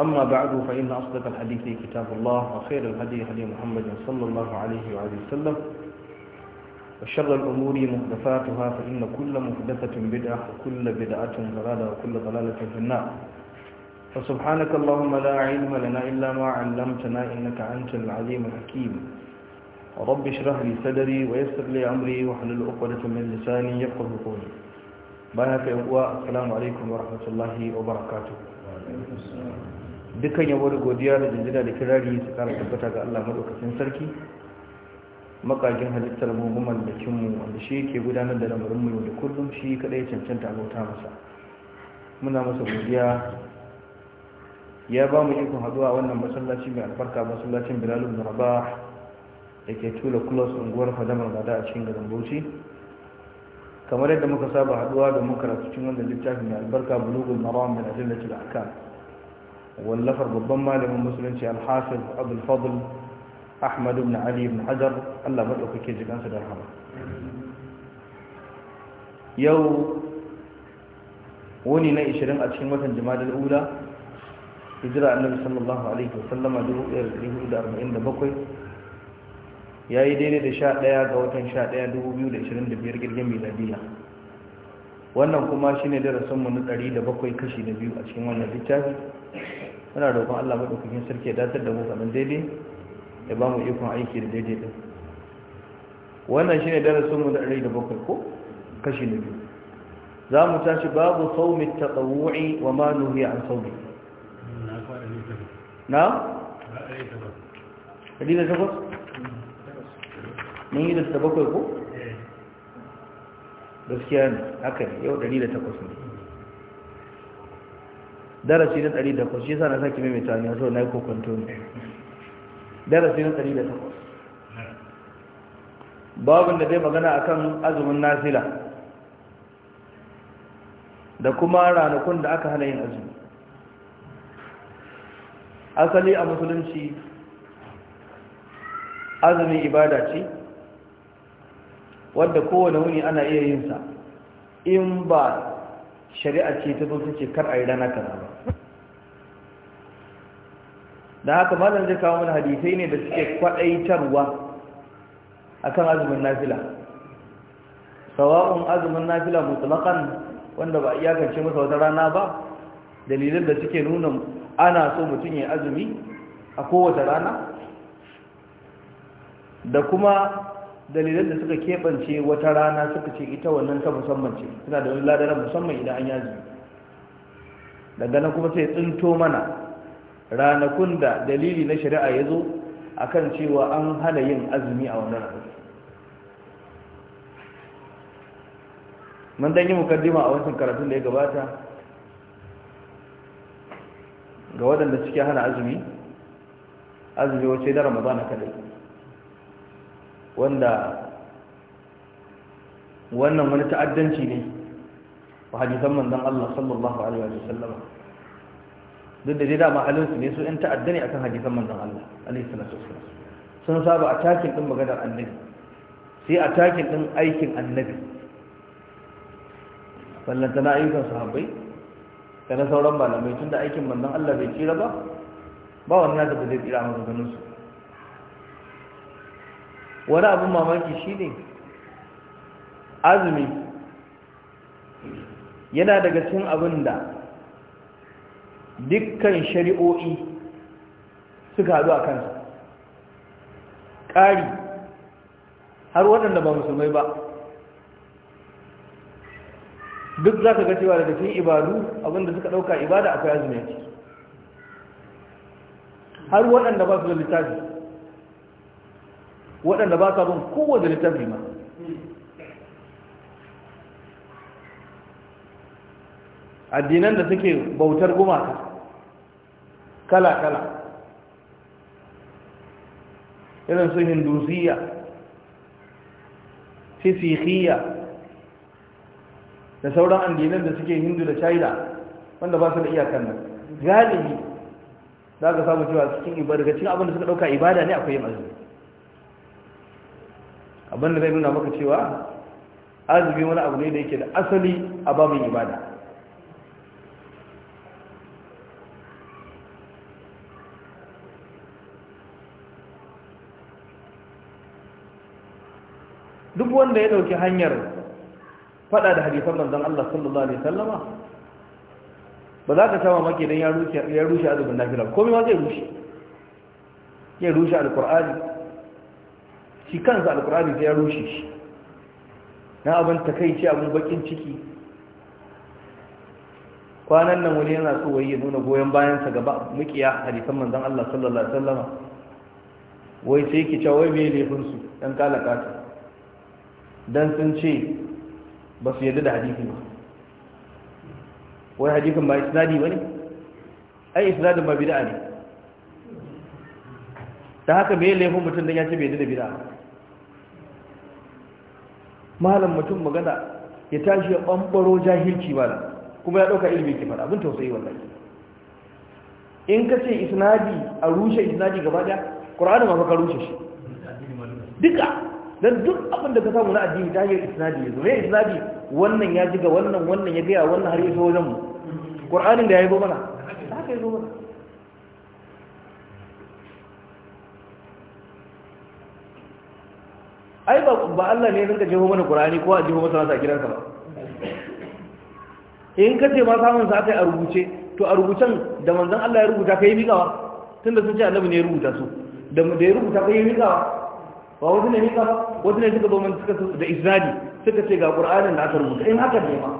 أما بعد فإن أصدق الحديث كتاب الله وخير الهدي هدي محمد صلى الله عليه وآله وسلم وشر الأمور محدثاتها فإن كل محدثة بدعة وكل بدعة ضلالة وكل ضلالة في النار فسبحانك اللهم لا علم لنا إلا ما علمتنا إنك أنت العليم الحكيم رب اشرح لي صدري ويسر لي أمري واحلل عقدة من لساني يفقه قولي بارك الله السلام عليكم ورحمة الله وبركاته وعليكم السلام dukkan yabo da godiya da jinjina da kirari su kara tabbata ga Allah madaukakin sarki makagin halittar muhimman da mu wanda shi yake gudanar da lamarin mu da kullum shi kadai ya cancanta abota masa muna masa godiya ya ba mu ikon haduwa wannan masallaci mai albarka masallacin Bilal ibn da ke tula kulos unguwar Fadamar Gada a cikin garin Bauchi kamar yadda muka saba haduwa da muka karatu cikin wanda littafin mai albarka bulugul maram min da ahkam wallafar babban malamin musulunci alhafiz Abulfadl, Ahmadu na ibn ali ibn hajar Allah madaukake jikansa da rahama yau wani na 20 a cikin watan jumadal ula hijira annabi sallallahu alaihi wasallama 1447 yi daidai da 11 ga watan 11 2025 girgin miladiya wannan kuma shine darasin mu na 107 kashi na biyu a cikin wannan littafi muna roƙon Allah madaukakin sarki ya datar da mu kaman daidai ya ba mu ikon aiki da daidai din wannan shine darasin mu da da bakwai ko kashi na biyu za mu tashi babu saumi tatawu'i wa ma nuhi an saumi na Ɗari da takwas mun yi da bakwai ko eh. gaskiya ne haka ne yau da takwas ne darasi na 108 shi yasa na saki mai tani so na yi kokonto ne darasi na 108 babin da zai magana akan azumin nasila da kuma ranakun da aka hana yin azumi asali a musulunci azumi ibada ce wadda kowane wuni ana iya yinsa in ba shari'a ce ta zo ce kar a yi rana kaza ba da haka malam zai kawo mana hadisai ne da suke a kan azumin nafila sawa'un azumin nafila mutlaqan wanda ba a iyakance masa wata rana ba dalilan da suke nuna ana so mutum ya azumi a kowace rana da kuma dalilan da suka keɓance wata rana suka ce ita wannan ta musamman ce suna da wani ladarar musamman idan an yaji daga nan kuma sai tsinto mana ranakun da dalili na shari'a ya zo a kan cewa an hana yin azumi a wannan rana mun dan yi mukaddima a wancan karatun da ya gabata ga waɗanda suke hana azumi azumi wace na ramadana kadai wanda wannan wani ta'addanci ne wa hadisan manzon Allah sallallahu alaihi wa sallam duk da dai dama halin ne su yan ta'adda ne akan hadisan manzon Allah alaihi salatu wasallam sun saba a takin ɗin maganar annabi sai a takin ɗin aikin annabi ballanta na ayyukan sahabbai da na sauran malamai tun da aikin manzon Allah bai kira ba ba wani da ba zai tsira a maganganun wani abin mamaki shi ne azumi yana daga cin abin da dukkan shari'o'i suka haɗu a kansa ƙari har waɗanda ba musulmai ba duk za ka ga cewa daga cikin ibadu abinda suka ɗauka ibada akwai azumi har waɗanda ba su da littafi waɗanda ba sa bin kowane littafi ma addinan da suke bautar gumaka kala-kala irin su hindusiya fisikiya da sauran addinan da suke hindu da china wanda ba su da iyakan nan galibi za ka samu cewa cikin ibada cikin abinda suka ɗauka ibada ne akwai yin azumi abinda zai nuna maka cewa azumi wani abu ne da yake da asali a babin ibada duk wanda ya dauki hanyar fada da hadisan manzon Allah sallallahu alaihi wasallama ba za ka sha maki dan ya rushe azumin nafila komai ma zai rushe ya rushe alqur'ani shi kansa alkur'ani ya rushe shi na abin takaici abin bakin ciki kwanan nan wani yana so wai ya nuna goyon bayansa gaba mukiya hadisan manzon Allah sallallahu alaihi wasallam wai sai yake cewa wai bai laifin su dan kalaka ta dan sun ce ba su yarda da hadisin ba wai hadisin ba isnadi bane ai isnadi ba bid'a ne ta haka me laifin mutum dan ya ce bai yarda da bid'a malam mutum magana ya tashi ya bambaro jahilci malam kuma ya dauka ilimi ki fara abin tausayi wallahi in ka ce isnadi a rushe isnadi gaba daya qur'ani ma ka rushe shi duka dan duk abin da ka samu na addini ta hanyar isnadi yanzu me isnadi wannan ya ji ga wannan wannan ya ga wannan har ya so wajen mu qur'anin da ya yi mana haka ya zo mana ai ba Allah ne ka jefo mana Qur'ani ko a jefo masa nasa a gidansa ba in ka ce ma samun sa kai a rubuce to a rubucen da manzon Allah ya rubuta kai miƙawa tunda sun ce annabi ne ya rubuta su da da ya rubuta kai miƙawa ba wasu ne miƙawa wasu ne suka zo man suka da isnadi suka ce ga Qur'anin da asar rubuta in haka ne ma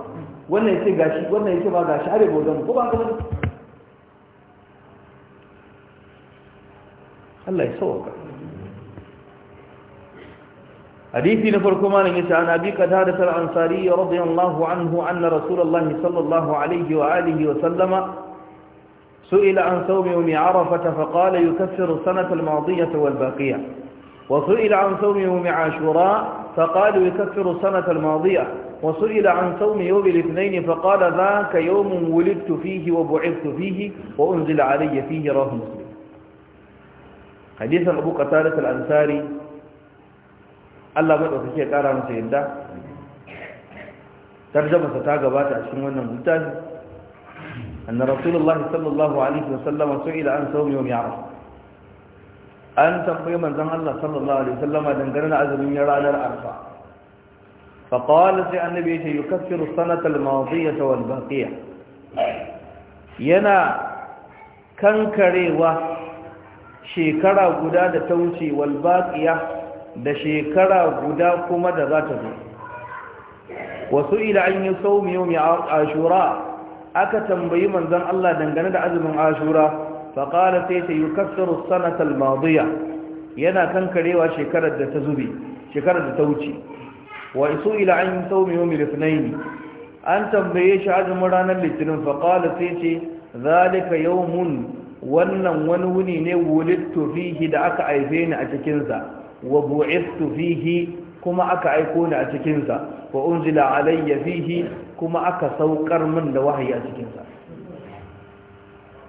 wannan yace gashi wannan yace ba gashi are godan ko ba ka Allah ya sauka حديثي نفركم عن يسعى عن أبي قتادة الأنصاري رضي الله عنه أن رسول الله صلى الله عليه وآله وسلم سئل عن صوم يوم عرفة فقال يكفر السنة الماضية والباقية وسئل عن صوم يوم عاشوراء فقال يكفر السنة الماضية وسئل عن صوم يوم الاثنين فقال ذاك يوم ولدت فيه وبعثت فيه وأنزل علي فيه رواه مسلم حديث أبو قتادة الأنصاري Allah maɗaukaki ya ƙara masa yadda tarjamasa ta gabata a cikin wannan littafi anna rasulullah sallallahu alaihi wasallam su'ila an sawm yawm ya'raf an tambaye manzon Allah sallallahu alaihi wasallama dangane da azumin ranar arfa fa qala sai annabi ya yukaffiru sanata al-madiyata wal baqiya yana kankarewa shekara guda da ta wuce wal baqiya da shekara guda kuma da za ta zo wasu ila an yi saumi yau mai ashura aka tambayi manzan Allah dangane da azumin ashura faƙara sai ta yi kasarar sanatar maziya yana kankarewa shekarar da ta zube shekarar da ta wuce wa isu ila an yi saumi yau mai an tambaye shi azumin ranar litinin faƙara sai ce zalika yau mun wannan wani wuni ne wulittu fihi da aka haife ni a cikinsa wa bu'ithtu fihi kuma aka aiko ni a cikin sa wa unzila alayya fihi kuma aka saukar min da wahayi a cikin sa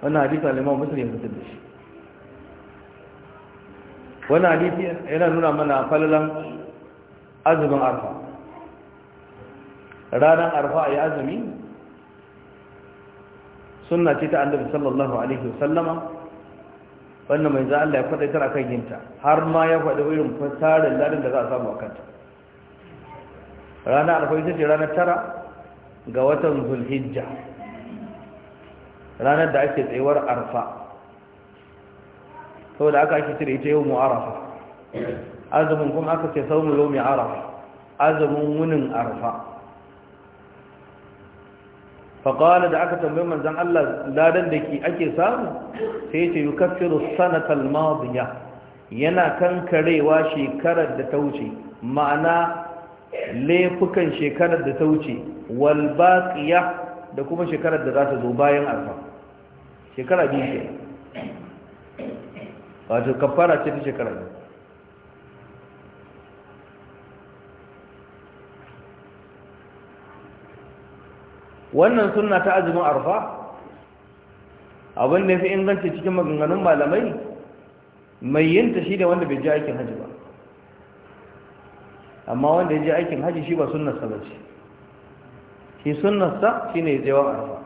wannan hadisi al-Imam Muslim fitar da shi wannan hadisi yana nuna mana falalan azumin arfa ranar arfa ayi azumi sunna ce ta annabi sallallahu alaihi wasallama wannan mai za Allah ya faɗa tara kan yinta har ma ya faɗa irin fasarin ladin da za a samu a kanta rana alfa ita ce ranar tara ga watan zulhijja ranar da ake tsayuwar arfa saboda aka ake cire ita yau mu arafa azumin kuma aka ce sau mu yau mai arafa azumin wunin arfa faƙawar da aka tambayi manzan Allah ladan da ke ake samu sai ce yi kafiru sanatar maziya yana kankarewa shekarar da ta wuce ma'ana laifukan shekarar da ta wuce walbaƙiya da kuma shekarar da za ta zo bayan alfa shekara biyu ke wato kafara ce ta shekarar da? wannan sunna ta azumin arfa abin da ya fi inganci cikin maganganun malamai mai yinta shi da wanda bai ji aikin hajji ba amma wanda ya ji aikin hajji shi ba sunnarsa ba ce shi sunnarsa shi ne tsewa arfa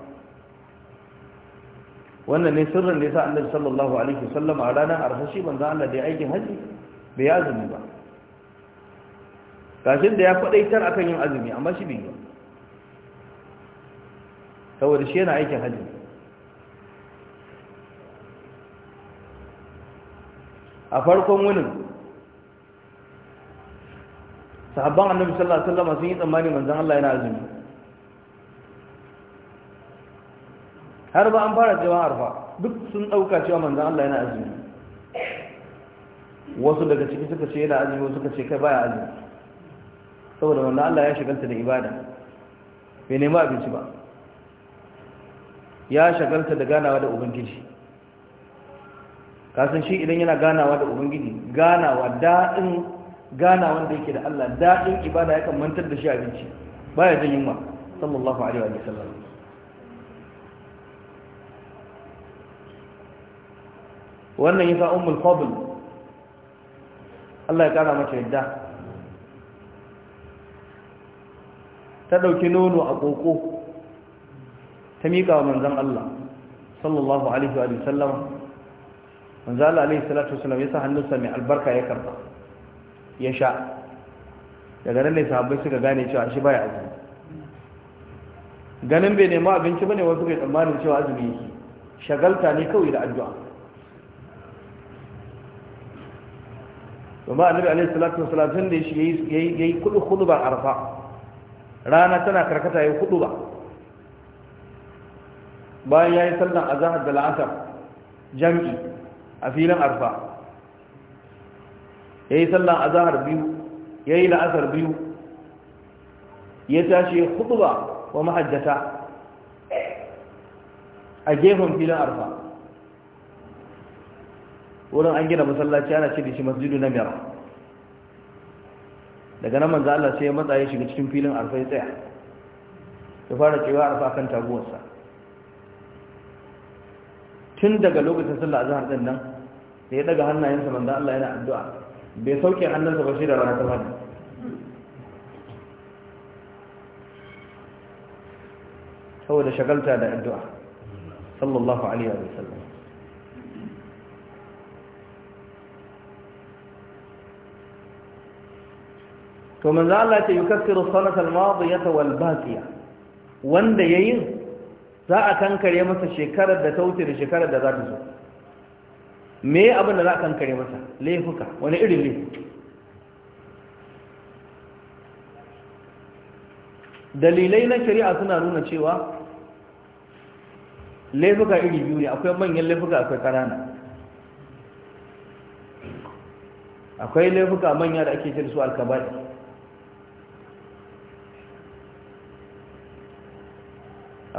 wannan ne sirrin da ya sa annabi sallallahu alaihi wasallam a ranar arfa shi banza Allah da ya aikin hajji bai azumi ba gashin da ya faɗaitar akan yin azumi amma shi bai yi ba saboda shi yana aikin hajji a farkon wunin sahabban annabi sallallahu alaihi wasallam sun yi tsammani manzon Allah yana azumi har ba an fara cewa arfa duk sun dauka cewa manzon Allah yana azumi wasu daga ciki suka ce yana azumi wasu suka ce kai baya azumi saboda manzon Allah ya shigalta da ibada bai nema abinci ba ya shagalta da ganawa da ubangiji kasan shi idan yana ganawa da ubangiji ganawa daɗin ganawa da yake da Allah daɗin ibada ya mantar da shi abinci baya jin yunwa sallallahu alaihi wa sallam wannan yasa ummul fadl Allah ya kara mata yadda ta dauki nono a koko ta miƙa wa manzan Allah sallallahu alaihi wa sallam manzan Allah alaihi salatu wasallam ya sa hannunsa mai albarka ya karba ya sha daga nan ne sahabbai suka gane cewa shi baya azumi ganin bai nemi abinci bane wasu bai tsammanin cewa azumi yake shagalta ne kawai da addu'a domin annabi alaihi salatu wasallam tun da ya yi kudu hudu arfa rana tana karkata ya kudu ba bayan ya yi sallan a zahar da la'asar jam'i a filin arfa ya yi sallan a zahar biyu ya yi la'asar biyu ya tashi hutuba wa mahajjata a gefen filin arfa wurin an gina masallaci ana ce da shi masjidu na biyar daga nan manzo Allah sai ya matsa ya shiga cikin filin arfa ya tsaya ya fara cewa arfa kan taguwarsa tun daga lokacin sallah azhar din nan da ya daga hannayensa manzo Allah yana addu'a bai sauke hannunsa ba shi da rana ta fadi saboda shagalta da addu'a sallallahu alaihi wa sallam to manzo Allah ya ce yukaffiru salata al-madiyata wal baqiya wanda yayin za a kankare masa shekarar da ta wuce da shekarar da za ta zo me abin da za a kankare masa laifuka wani irin ne? dalilai na shari'a suna nuna cewa laifuka iri biyu ne akwai manyan laifuka akwai ƙanana akwai laifuka manya da ake cin su alkabari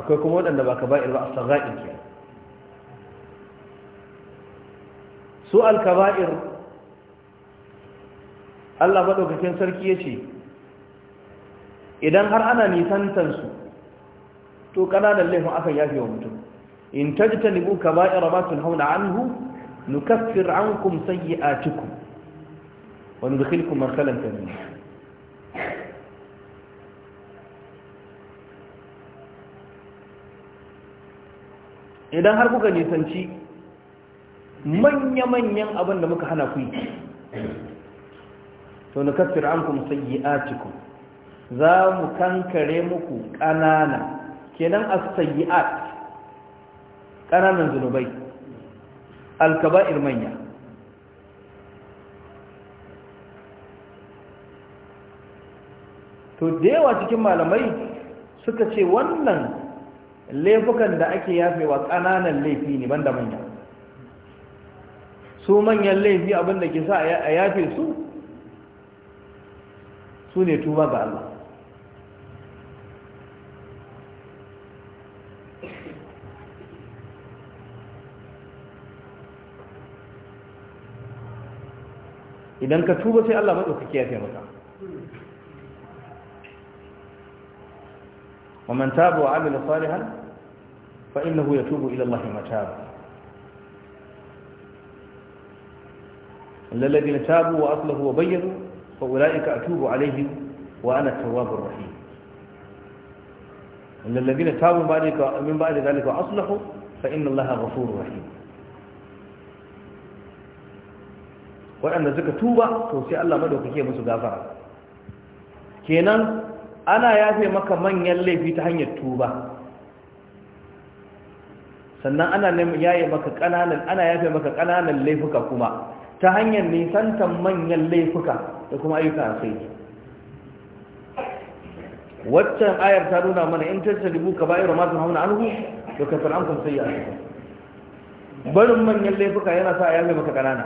akwai kuma waɗanda ba kaba'ir ba a sarra'in ke su alkaba'ir allah maɗaukakin sarki ya ce idan har ana nisantansu to ƙananan laifin akan yafe wa mutum in tajtanibu kaba'ira ma tunhauna anhu nukaffir ankum sayyi'atikum wa nudkhilukum marhalan kabeera idan har kuka nisanci manya-manyan abin da muka hana ku yi to na kafir an kuma sayyi'atikum za mu kankare muku ƙanana kenan a sayi a ƙananan zunubai alkaba'ir manya to da yawa cikin malamai suka ce wannan laifukan da ake yafe wa ƙananan laifi ne banda manya su manyan laifi abinda ke sa a yafe su su ne tuba ga Allah idan ka tuba sai Allah maɗaukaki ya taimaka ومن تاب وعمل صالحا فإنه يتوب إلى الله متابا إلا الذين تابوا وأصلحوا وبينوا فأولئك أتوب عليهم وأنا التواب الرحيم إلا الذين تابوا من بعد ذلك وأصلحوا فإن الله غفور رحيم waɗanda suka tuba to sai Allah madaukake musu gafara kenan ana yafe maka manyan laifi ta hanyar tuba sannan ana yaye maka kananan ana yafe maka kananan laifuka kuma ta hanyar nisantan manyan laifuka da kuma ayyuka sai waccan ayar ta nuna mana in ba irin masu hauna anhu da to kafir ankum yi barin manyan laifuka yana sa a yafe maka kanana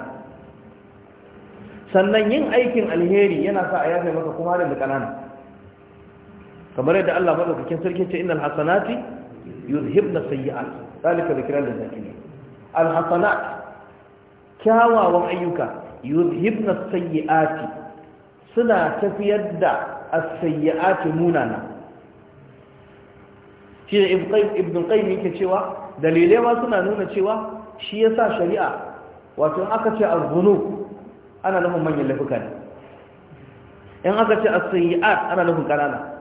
sannan yin aikin alheri yana sa a yafe maka kuma da kanana kamar yadda Allah madaukakin sarkin ce innal hasanati yuzhibna sayyi'at zalika zikran lil zakirin al hasanat kyawawan ayyuka yuzhibna sayyi'at suna tafiyar da as-sayyi'at munana shi ibn qayyim yake cewa dalilai ma suna nuna cewa shi yasa shari'a wato aka ce az-zunub ana nufin manyan laifuka ne in aka ce as-sayyi'at ana nufin kanana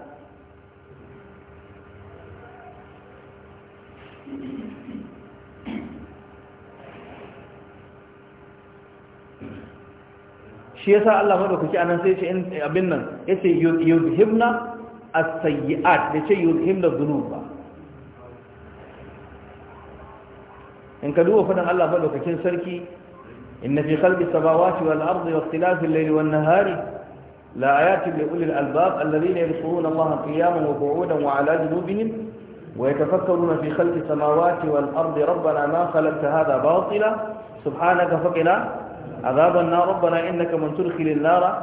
shi yasa Allah madaukaki anan sai ce abin nan yace yuhibna as-sayyi'at da ce yuzhibna dhunub in ka duba fadan Allah madaukakin sarki inna fi khalqis samawati wal ardi wa ikhtilafil layli wan nahari la ayatin li ulil albab alladhina yadhkuruna Allaha qiyaman wa qu'udan wa 'ala junubihim fi في samawati wal ardi rabbana ma khalaqta hadha batila subhanaka faqina عذاب النار ربنا إنك من تدخل النار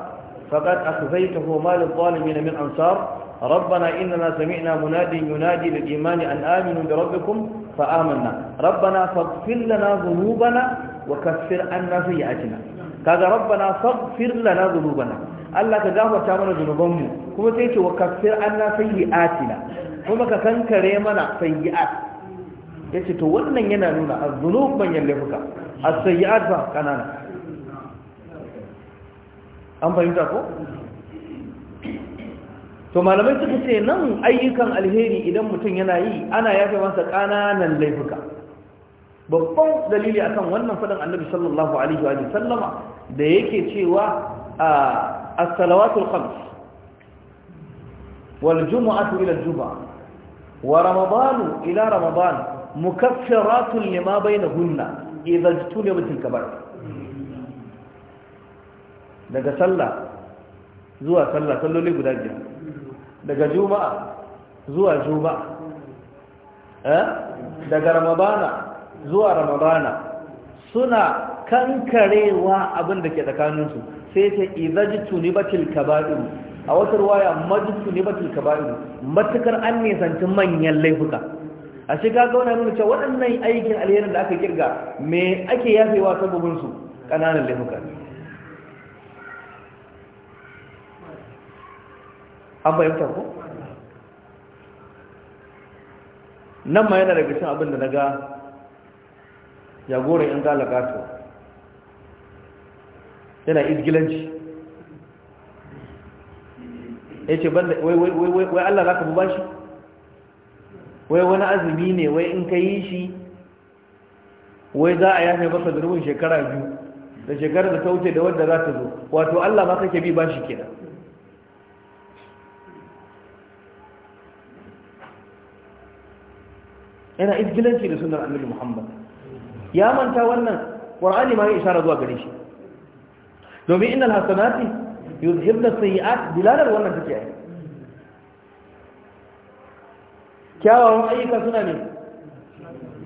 فقد أخزيته وما للظالمين من أنصار ربنا إننا سمعنا منادي ينادي للإيمان أن آمنوا بربكم فآمنا ربنا فاغفر لنا ذنوبنا وكفر عنا سيئاتنا كذا ربنا فاغفر لنا ذنوبنا الله كغفرت لنا ذنوبنا كما تيجي وكفر عنا سيئاتنا kuma ka kankare mana sayyi'at yace to wannan yana nuna az-zunub manyan laifuka as-sayyi'at ba kanana an fahimta ko to malamai suka ce nan ayyukan alheri idan mutum yana yi ana yafe masa ƙananan laifuka babban dalili akan wannan faɗin annabi sallallahu alaihi wa sallama da yake cewa as-salawatul khams wal jumu'atu ila al-jum'a wa ramadanu ila ramadan mukaffiratun lima bainahunna idza jtunibat al-kaba'ir daga sallah zuwa sallah salloli guda biyar daga juma'a zuwa juma'a eh? daga ramadana zuwa ramadana suna kankarewa abin da ke tsakaninsu sai ta izajtu tuni batil a wata ruwaya majtu tuni batil matukar an nisanci manyan laifuka a shiga ga wani nuna cewa waɗannan aikin alherin da aka kirga me ake yafewa su ƙananan laifuka ne an fahimta ko nan ma yana daga cin abin da na ga jagoran yan galagato yana izgilanci ya ce wai allah za ka bu bashi wai wani azumi ne wai in ka yi shi wai za a yafe masa durbin shekara biyu da shekarar da ta wuce da wadda za ta zo wato allah ma kake bi bashi kenan yana izgilanci da sunan annabi muhammad ya manta wannan qur'ani ma ya isharar zuwa gare shi domin innal hasanati yuzhibna sayi'at bilalar wannan take ai kyawawan ayyuka suna ne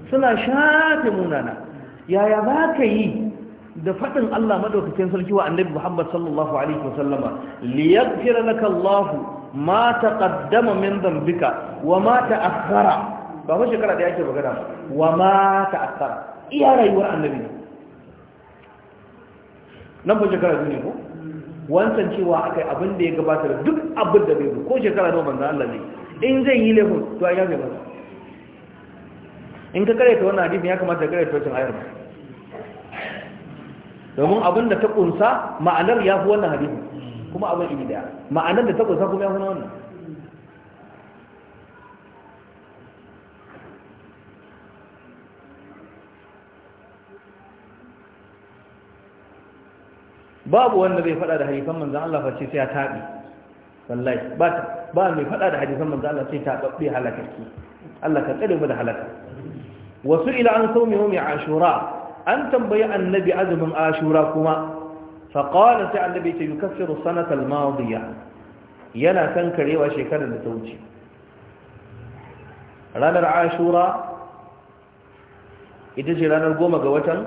suna shafe munana yaya za ka yi da faɗin Allah madaukakin sarki wa annabi Muhammad sallallahu alaihi wasallama liyaghfira laka Allah ma taqaddama min zambika wa ma ta'akhkhara ba fa shekara da yake magana wa ma ta'akkara iya rayuwar annabi ne nan ba shekara duniya ko wancan cewa akai abin da ya gabatar duk abin da bai ko shekara nawa manzo Allah ne in zai yi laifin to ya ga masa in ka kare ta wannan hadisi ya kamata ka kare ta wannan ayar domin abin da ta kunsa ma'anar ya fi wannan hadisi kuma abin ibi daya ma'anar da ta kunsa kuma ya fi wannan babu wanda bai fada da hadisan manzan Allah face sai ya taɓi wallahi ba ba mai faɗa da hadisan manzan Allah sai taɓaɓɓe halakaki Allah ka tsare mu da halaka wasu ila an saumi yawmi ashura an tambayi annabi azumin ashura kuma fa qala sai annabi ta yukaffiru sanata al-madiya yana kankarewa shekarar da ta wuce ranar ashura ita ce ranar goma ga watan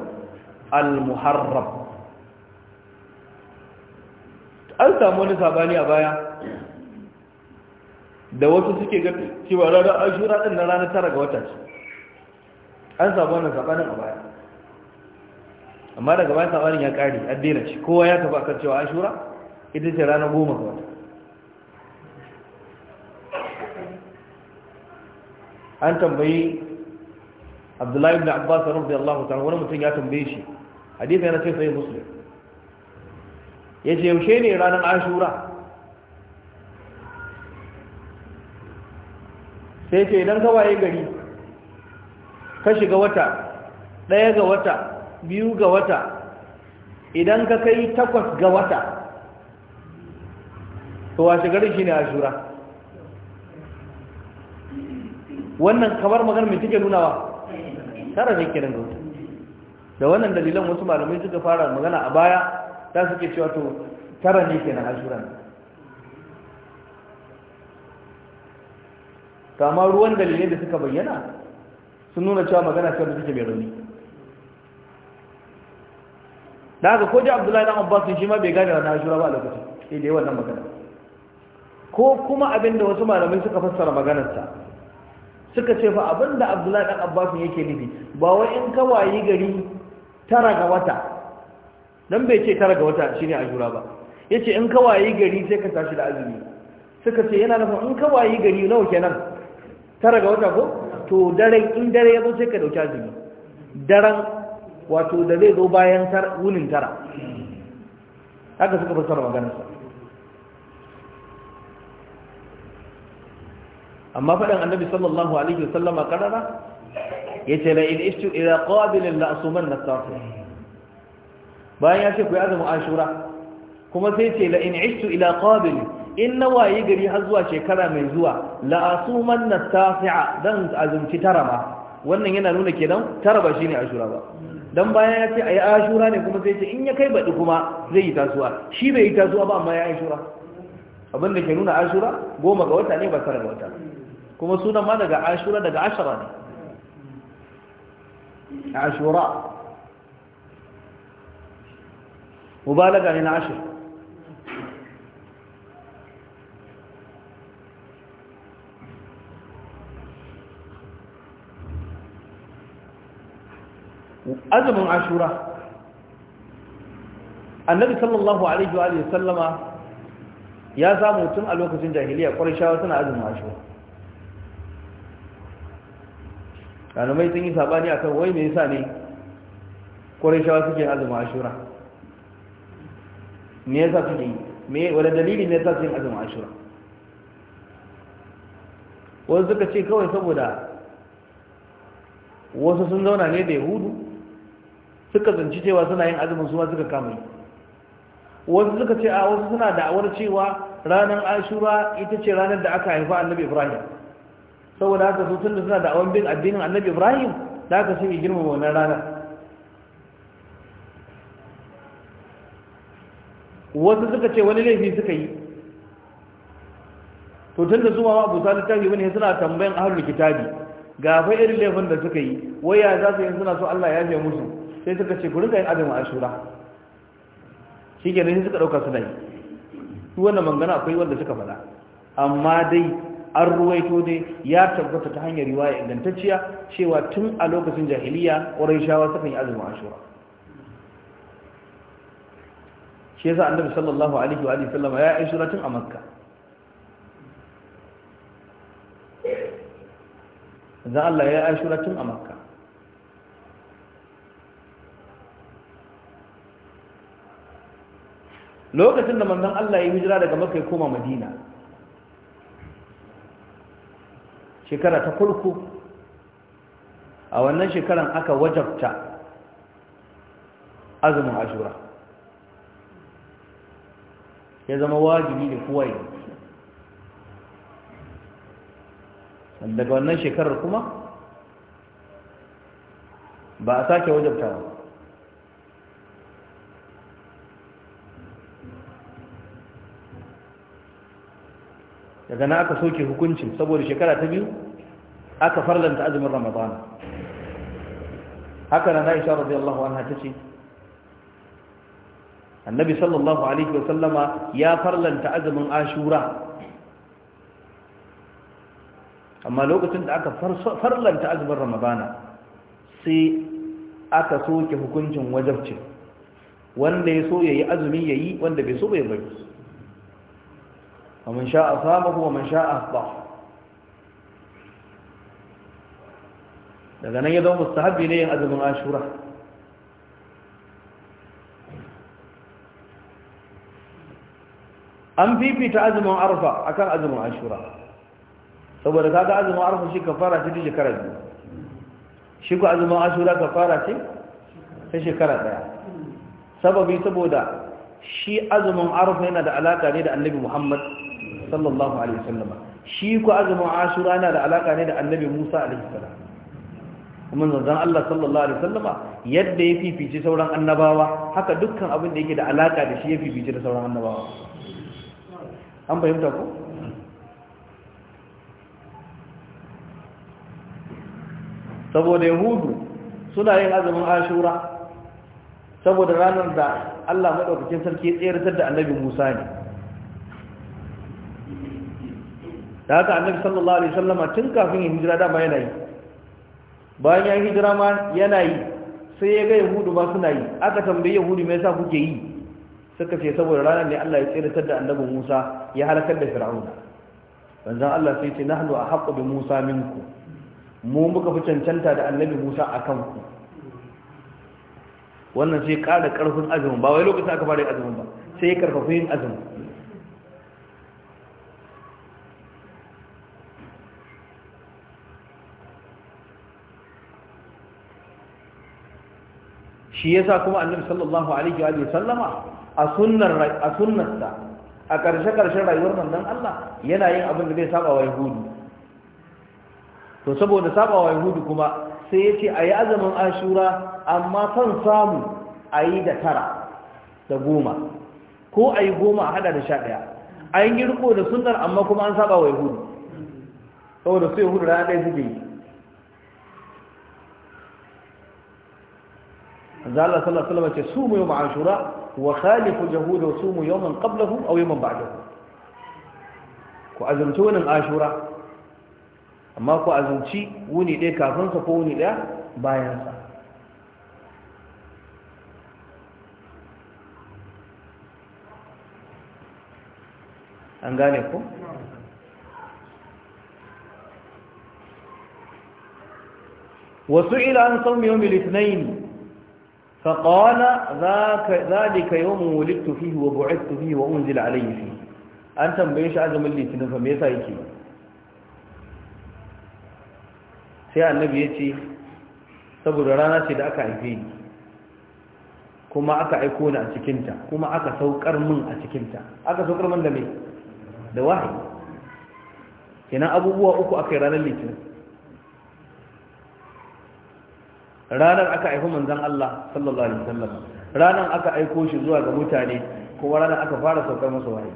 al-muharram an samu wani sabani a baya da wasu suke ga cewa ranar ashura din na ranar tara ga wata ce an samu wani sabanin a baya amma daga bayan sabanin ya kare an daina shi kowa ya tafi akan cewa ashura ita ce ranar goma ga wata an tambayi abdullahi ibn abbas radiyallahu ta'ala wani mutum ya tambaye shi hadisi yana cikin sai muslim ya ce yaushe ne ranar ashura sai ce idan ka waye gari ka shiga wata ɗaya ga wata biyu ga wata idan ka kai takwas ga wata to wa gari shi ne ashura wannan kamar magana mai cike nunawa tara ne gauta da wannan dalilan wasu malamai suka fara magana a baya ta suke cewa to tara ne ke na ashuran kama ruwan dalilai da suka bayyana sun nuna cewa magana cewa da suke mai rauni da haka ko ji abdullahi na abbas shi ma bai gane na ashura ba a lokacin sai dai wannan magana ko kuma abinda wasu malamai suka fassara maganarsa suka ce fa abinda abdullahi dan abbas yake nufi ba wai in ka wayi gari tara ga wata dan bai ce tara ga wata shi a jura ba yace in ka wayi gari sai ka tashi da azumi suka ce yana nufin in ka wayi gari nawa kenan tara ga wata ko to daren in dare ya zo sai ka dauki azumi daren wato da zai zo bayan wunin tara haka suka fassara maganarsa amma faɗin annabi sallallahu alaihi wasallama karara yace la in istu ila qabil la asuman nasafir bayan ya ce ku yi azumin ashura kuma sai ce la in ishtu ila qabil in na waye gari har zuwa shekara mai zuwa la asuman nastasi'a dan azumci tara ma wannan yana nuna kenan tara ba shine ashura ba dan bayan ya ce ayi ashura ne kuma sai ce in ya kai baɗi kuma zai yi tasuwa shi bai yi tasuwa ba amma ya yi ashura abin da ke nuna ashura goma ga wata ne ba tara ga wata kuma sunan ma daga ashura daga ashara ne ashura mubalaga ne na ashir azumin ashura annabi sallallahu alaihi wa sallama ya samu tun a lokacin jahiliya ƙwarishawa suna azumin ashura ɗalumai sun yi sabani akan wai me yasa ne ƙwarishawa suke azumin ashura me yasa suke yi me wani dalili ne yasa suke azumin ashura wasu suka ce kawai saboda wasu sun zauna ne da yahudu suka zanci cewa suna yin azumin su ma suka kama yi wasu suka ce a wasu suna da'awar cewa ranar ashura ita ce ranar da aka haifa annabi ibrahim saboda haka su tun da suna da'awar bin addinin annabi ibrahim da aka sai girmama wannan ranar wasu suka ce wani laifi suka yi to tun da zuwa abu ta littafi wani suna tambayan ahlul kitabi ga fa irin laifin da suka yi waya za su yi suna so Allah ya fiye musu sai suka ce ku rinka yin azumi ashura shi ke nan suka ɗauka suna yi su wannan mangana akwai wanda suka faɗa amma dai an ruwaito ne ya tabbata ta hanyar riwaya ingantacciya cewa tun a lokacin jahiliya ƙwarai shawa sukan yi azumin ashura shi yasa annabi sallallahu alaihi wa alihi sallama ya yi suratun a makka za' Allah ya yi suratun a makka lokacin da manzon Allah ya hijira daga makka ya koma madina shekara ta kurku a wannan shekaran aka wajabta azumin ashura ya zama wajibi da kowa ya daga wannan shekarar kuma ba a sake wajabta ba daga na aka soke hukuncin saboda shekara ta biyu aka farlanta azumin ramadana haka na na isha radiyallahu anha ce. annabi sallallahu alaihi wasallama ya farlanta azumin ashura amma lokacin da aka farlanta azumin ramadana sai aka soke hukuncin wajabci wanda ya so ya yi azumi ya yi wanda bai so bai bai wa man sha'a samahu wa man sha'a ba. daga nan ya zama mustahabbi ne yin azumin ashura an fifita azumin arfa akan azumin ashura saboda kaga azumin arfa shi kafara ce ta shekara biyu shi ko azumin ashura kafara ce ta shekara daya sababi saboda shi azumin arfa yana da alaka ne da annabi muhammad sallallahu alaihi wasallam shi ko azumin ashura yana da alaka ne da annabi musa alaihi salam kuma zanzan Allah sallallahu alaihi wasallam yadda ya fifice sauran annabawa haka dukkan abin da yake da alaƙa da shi ya fifice da sauran annabawa an fahimta ku? saboda yahudu suna yin azumin ashura saboda ranar da Allah maɗaukacin sarki tseratar da annabi musa ne da haka annabi sallallahu alaihi sallama tun kafin yin hijira dama yana bayan ya hijira ma yana yi sai ya ga yahudu ma suna yi aka tambayi yahudu mai sa kuke yi suka ce saboda ranar ne Allah ya tsiratar da annabi Musa ya halakar da Fir'auna banzan Allah sai ce nahnu ahqqu bi Musa minku mu muka fi cancanta da annabi Musa akan ku wannan sai ƙara ƙarfin azumin ba wai lokacin aka fara azumin ba sai ya karfafa yin azumin shi yasa kuma annabi sallallahu alaihi wa sallama a sunnar a sunnarsa a karshe ƙarshen rayuwar manzon Allah yana yin abin da zai saba wa yahudu to saboda saba wa yahudu kuma sai yace ayi azamin ashura amma san samu ayi da tara da goma ko ayi goma a hada da sha ɗaya an riko da sunnar amma kuma an saba wa yahudu saboda su yahudu rana ɗaya suke yi manzo Allah sallallahu alaihi wasallam ce sumu yawm ashura wa khalifu jahud wa sumu yawman qablahu aw yawman ba'dahu ku azumci wannan ashura amma ku azumci wuni ɗaya kafin sa ko wuni daya bayan sa an gane ku wasu ila an saumi yawon litinin فقال ذاك ذلك يوم ولدت فيه وبعثت فيه وانزل علي فيه an tambaye shi azumin litinin fa me yasa yake sai annabi ya ce saboda rana ce da aka haife ni kuma aka aiko ni a cikinta kuma aka saukar min a cikinta aka saukar min da me da wahayi kenan abubuwa uku aka yi ranar litinin ranar aka aiko manzon Allah sallallahu alaihi wasallam ranar aka aiko shi zuwa ga mutane kuma ranar aka fara saukar masa wahayi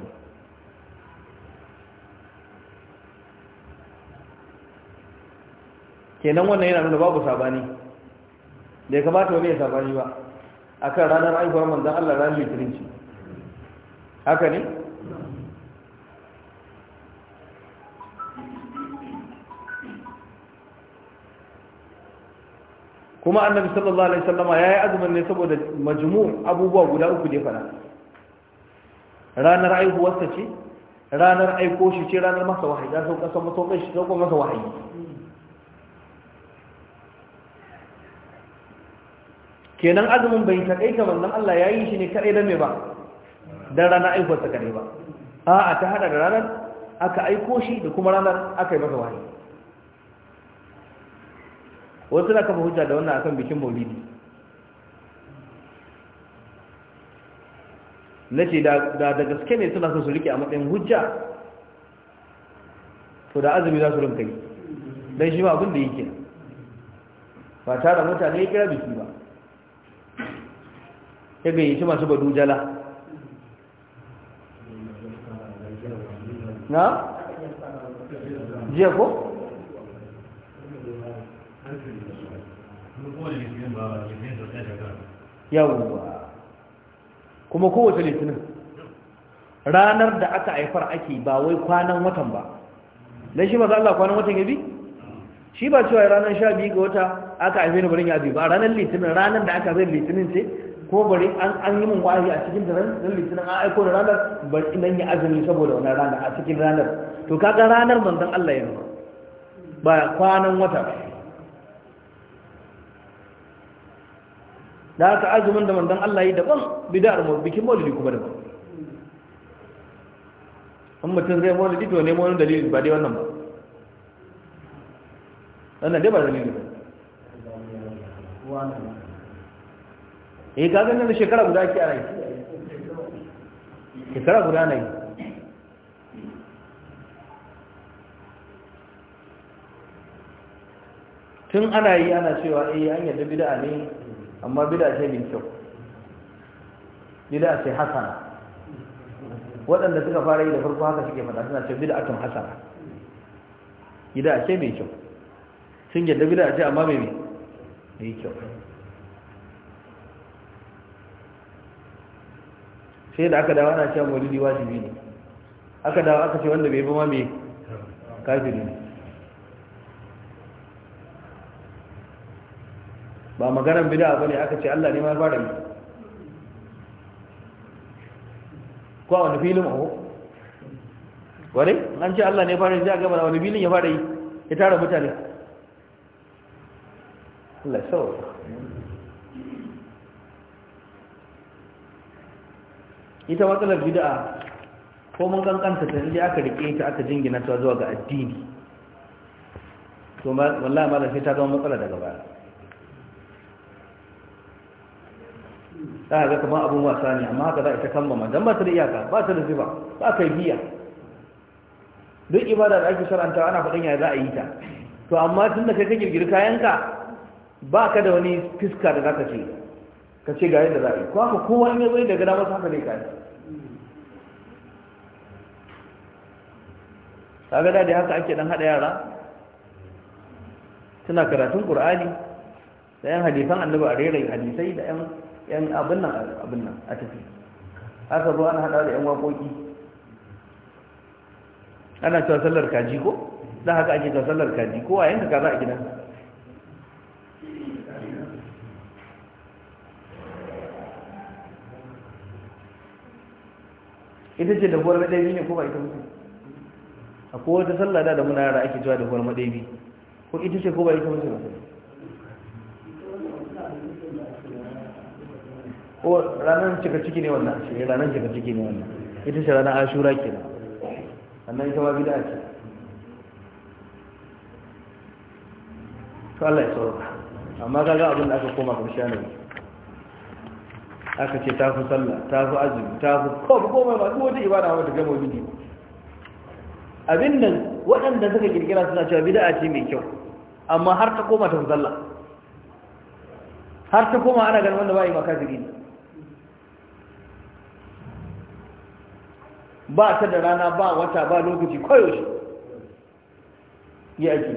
kenan wannan yana nuna babu sabani da ya kamata wani ya sabani ba akan ranar aihuwar manzon Allah ranar litinin ce haka ne kuma annabi sallallahu alaihi ya yi azumin ne saboda majmu' abubuwa guda uku da fara ranar aihuwarsa ce ranar aiko shi ce ranar masa wahayi da sauka san masa shi sauka masa wahayi kenan azumin bai takaita wannan Allah ya yi shi ne kadai dan me ba dan ranar aihuwarsa kaɗai ba a'a ta hada da ranar aka aiko shi da kuma ranar aka yi masa wahayi wasu na kafa hujja da wannan akan bikin maulidi na ce da gaske ne suna su rike a matsayin hujja to da azumi za su rinka yi don shi ba abin da yake ba tara mutane ya kira biki ba ya gayyaci masu badu jala na? jiya ko? yawwa kuma kowace litinin ranar da aka haifar ake ba wai kwanan watan ba don shi masu Allah kwanan watan ya bi shi ba cewa ranar sha biyu ga wata aka haife ni barin ya bi ba ranar litinin ranar da aka zai litinin ce ko bari an yi min wa'azi a cikin da ranar litinin an aiko da ranar bari nan ya azumi saboda wani ranar a cikin ranar to kaga ranar manzon Allah ya ba kwanan wata ba da haka azumin da mandan Allah yi daban bid'ar mu bikin maulidi kuma daban in mutum zai maulidi to nemo wani dalili ba dai wannan ba wannan dai ba dalili ba eh ka ganin shekara guda ke ana yi shekara guda na yi tun ana yi ana cewa eh an yadda bid'a ne amma bida ce min kyau bida ce hasana waɗanda suka fara yi da farko haka suke fata suna ce bida akan hasana bida ce mai kyau sun yadda bida ce amma mai mai kyau sai da aka dawo ana cewa maulidi wajibi ne aka dawo aka ce wanda bai bi ma mai kafiri ne ba maganar bid'a bane aka ce Allah ne ma fara yi ko wani filin aho Wani an ce Allah ne fara yi za a gaba wani filin ya fara yi ya tara mutane Allah ita matsalar bid'a ko mun kankanta ta inda aka rike ta aka jingina ta zuwa ga addini to wallahi malam sai ta zama matsala daga baya za a ga kamar abin wasa ne amma haka za a ita kan ba dan ba ta da iyaka ba ta da zuba ba ka biya duk ibada da ake shar'anta ana faɗin ya za a yi ta to amma tun da kai ka girgiri kayanka ba ka da wani fiska da za ka ce ka ce ga yadda za a yi ko haka kowa ne zai zo daga damar haka ne kayan kaga da da haka ake dan hada yara suna karatun qur'ani da yan hadisan annabi a rera hadisai da yan yan abin nan abin nan a tafi aka zo ana hada da yan waƙoƙi ana cewa sallar kaji ko da haka ake cewa sallar kaji ko a yanka kaza a gidan ita ce da dahuwar madaibi ne ko ba ita mutu a kowace sallah da muna yara ake cewa dahuwar madaibi ko ita ce ko ba ita mutu ba ko ranar cika ciki ne wannan shi eh, ranar cika ciki ne wannan ita ce ranar ashura kenan annan ita ma bid'a ce to Allah ya saurara amma ga abin da aka koma karshe ne aka ce ta fi sallah ta fi azumi ta fi kofi komai ba kowace ibada wata gama bidi abin nan waɗanda suka kirkira suna cewa bida ce mai kyau amma har ta koma ta fi sallah har ta koma ana ganin wanda ba yi makafiri ne ba ta da rana ba wata ba lokaci koyaushe ya ake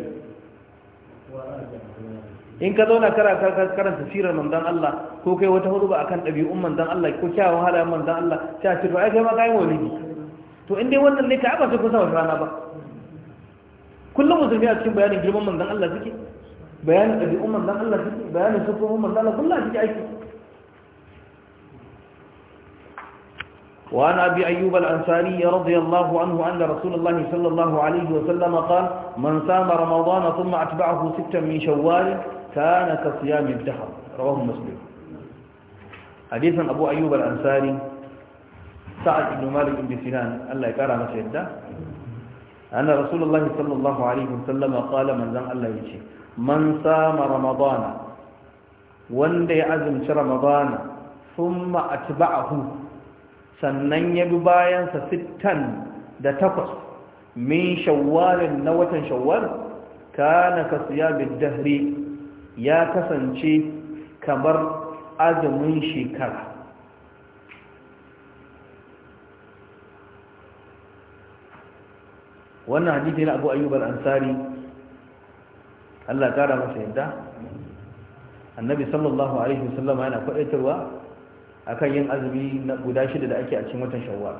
in ka zauna karanta sirar manzan Allah ko kai wata hudu ba kan ɗabi'un manzan Allah ko kyawun halayen manzan Allah ta ce to ai kai ma wa maulidi to in dai wannan ne ta ba su kusa wata rana ba kullum musulmi a cikin bayanin girman manzan Allah suke bayanin ɗabi'un manzan Allah suke bayanin sufofin manzan Allah kullum a cikin aiki وعن أبي أيوب الأنصاري رضي الله عنه أن رسول الله صلى الله عليه وسلم قال من سام رمضان ثم أتبعه ستا من شوال كان كصيام الدهر رواه مسلم حديث أبو أيوب الأنصاري سعد بن مالك بن سنان الله يكرم مسجدا أن رسول الله صلى الله عليه وسلم قال من زم الله يشي من سام رمضان وندي عزم رمضان ثم أتبعه sannan ya bi bayansa sittan da takwas min shawwalin na watan shawwal kana ka siyabin dahri ya kasance kamar azumin shekara wannan hadithi na abu ayyubar ansari Allah kara masa yadda annabi sallallahu alaihi wasallama yana faɗaitarwa akan yin azumi na guda shida da ake a cikin watan shawwal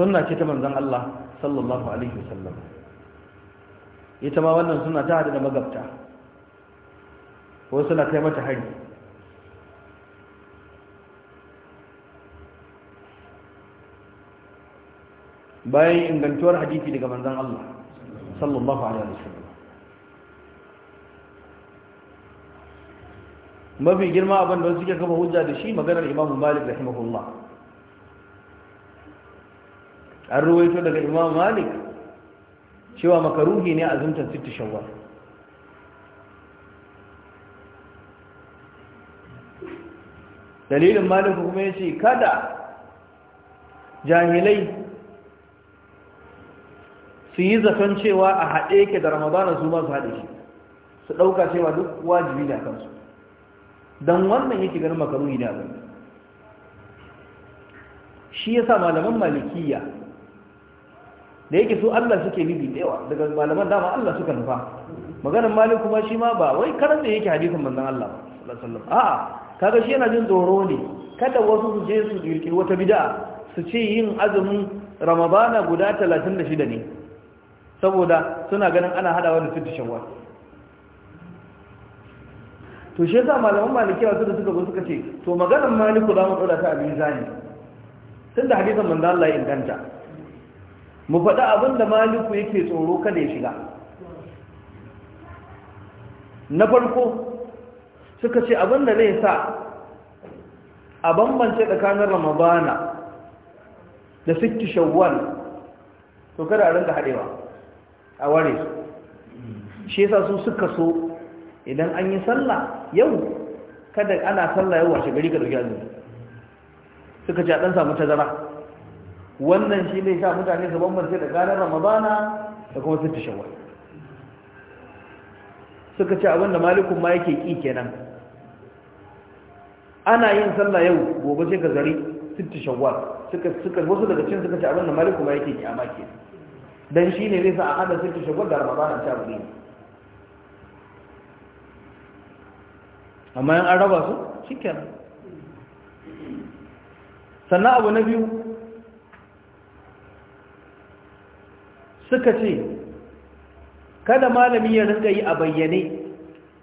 sunna ce ta manzan Allah sallallahu alaihi wasallam ita ma wannan suna ta hada da magabta wasu suna kai mata hari bayan ingantuwar hadisi daga manzan Allah sallallahu alaihi wasallam mafi girma abin da suke kafa hujja da shi maganar imam malik rahimahullah an ruwaito daga imam malik cewa makaruhi ne zuntar sitti shawar dalilin malik kuma ya ce kada jahilai su yi zaton cewa a haɗe ke da ramadana su ma su haɗe shi su ɗauka cewa duk wajibi da kansu don wannan yake ganin makaruni da abin shi ya sa malaman malikiya da yake su Allah suke bibi da yawa daga malaman dama Allah suka nufa maganin malik kuma shi ma ba wai karan da yake hadisin manzon Allah sallallahu a'a kaga shi yana jin tsoro ne kada wasu su je su kirkiri wata bid'a su ce yin azumin ramadana guda 36 ne saboda suna ganin ana hadawa da fitishin shawwal to shi yasa malaman maliki wasu da suka zo suka ce to maganar maliku za mu ɗora ta a mizani tun da hadisan manzo Allah ya inganta mu faɗi abin da maliku yake tsoro kada ya shiga na farko suka ce abin da zai sa a bambance tsakanin ramadana da sikki shawwal to kada a rinka haɗewa a ware shi yasa su suka so idan an yi sallah yau kada ana sallah yau washe gari ka dauki azumi suka ce a dan samu tazara wannan shi ne sa mutane su bambance da ganar ramadana da kuma su tashawar suka ce abinda malikun ma yake ƙi kenan ana yin sallah yau gobe sai ka zari sittu shawwal suka suka wasu daga cikin suka ce abinda malikun ma yake ƙi a ke dan shine zai sa a hada sittu shawwal da ramadana ta bari amma yan an raba su shikenan sannan abu na biyu suka ce kada malami ya rinka yi a bayyane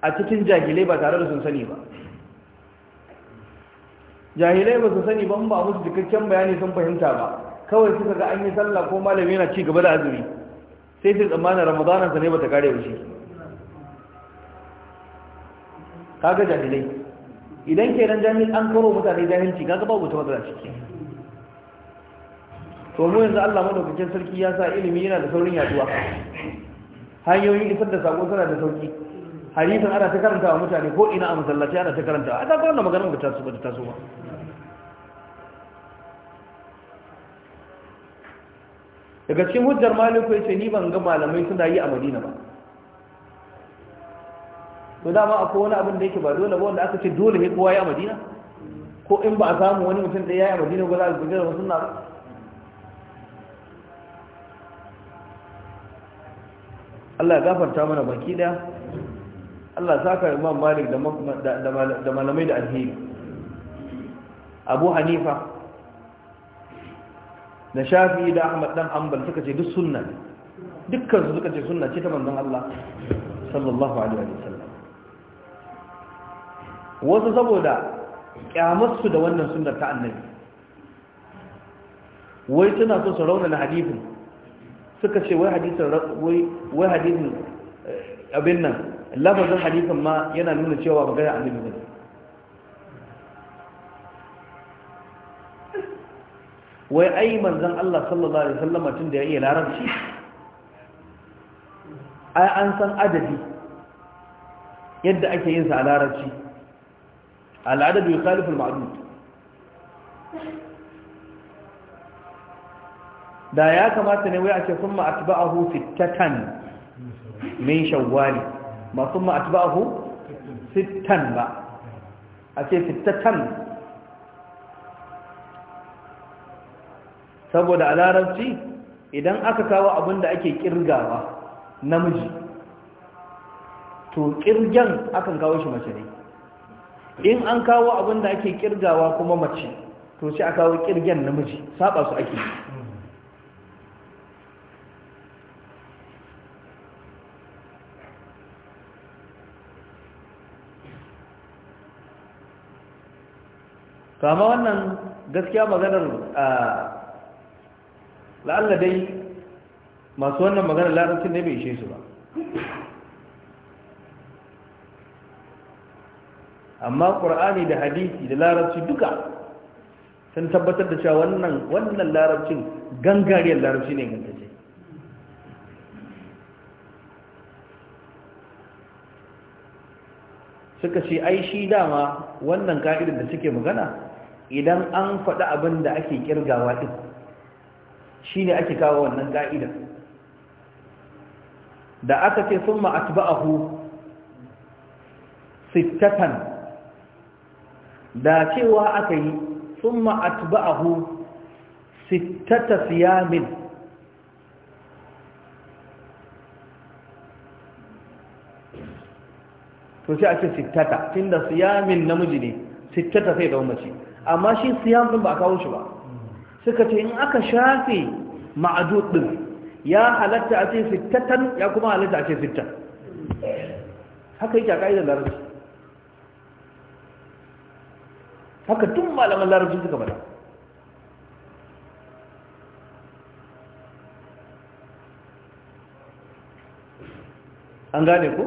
a cikin jahilai ba tare da sun sani ba jahilai ba su sani ba ba musu cikakken bayani sun fahimta ba kawai suka ga an yi sallah ko malami yana ci gaba da azumi sai sai tsammanin ramadanansa ne ba ta kare wuce kaga jahilai idan kenan jami'in an karo mutane jahilci kaga babu ta matsala ciki to mu yanzu Allah madaukakin sarki ya sa ilimi yana da saurin yaduwa hanyoyin isar da sako suna da sauki hadisin ana ta karanta wa mutane ko ina a masallaci ana ta karanta a ta karanta maganar da ba ta taso ba daga cikin hujjar maliku ya ce ni ban ga malamai suna yi a madina ba to dama akwai wani abin da yake ba dole ba wanda aka ce dole ne kowa ya madina ko in ba a samu wani mutum da ya yi madina ba za a gujerar wasu na Allah ya gafarta mana baki daya Allah ya saka Imam Malik da malamai da alheri Abu Hanifa da Shafi da Ahmad dan Hanbal suka ce duk sunna dukkan su suka ce sunna ce ta manzon Allah sallallahu alaihi wasallam wasu saboda kyamarsu da wannan sunar ta annabi wai suna so su raunana hadisin suka ce wai Hadithin wai eh, abin nan lafazin hadisin ma yana nuna cewa magana annabi ne wai ai manzon Allah sallallahu alaihi wasallam tun da ya iya larabci ai an san adadi yadda ake yin sa a larabci al'adad yukhalif al-ma'dud da ya kamata ne wai a ce sun a kuma atba'ahu sittatan min shawwali ba a a atba'ahu sittan ba a ce sittatan saboda a larabci idan aka kawo abin da ake kirgawa namiji to kirgen akan kawo shi mace ne in an kawo abin da ake kirgawa kuma mace to shi a kawo kirgen namiji saba su ake kama wannan gaskiya maganar a la'alla dai masu wannan maganar larabcin ne bai ishe su ba amma Al-ƙur'ani da hadisi da larabci duka sun tabbatar da cewa wannan wannan larabcin gangariyar larabci ne ce. suka ce ai shi dama wannan ka'idar da suke magana idan an faɗi abin da ake kirgawa ɗin shi ne ake kawo wannan ka'idar da aka ce sun hu sittatan da cewa aka yi sun ma'atu hu sittata siyamin to shi a ce sittata tunda siyamin namiji ne sittata sai da mace amma shi siyam ba a kawo shi ba suka ce in aka shafe ma'adu ɗin ya halatta a ce sittatan ya kuma halatta a ce sittan haka yake a ka'idar larabci haka tun malaman larabci suka bada an gane ku?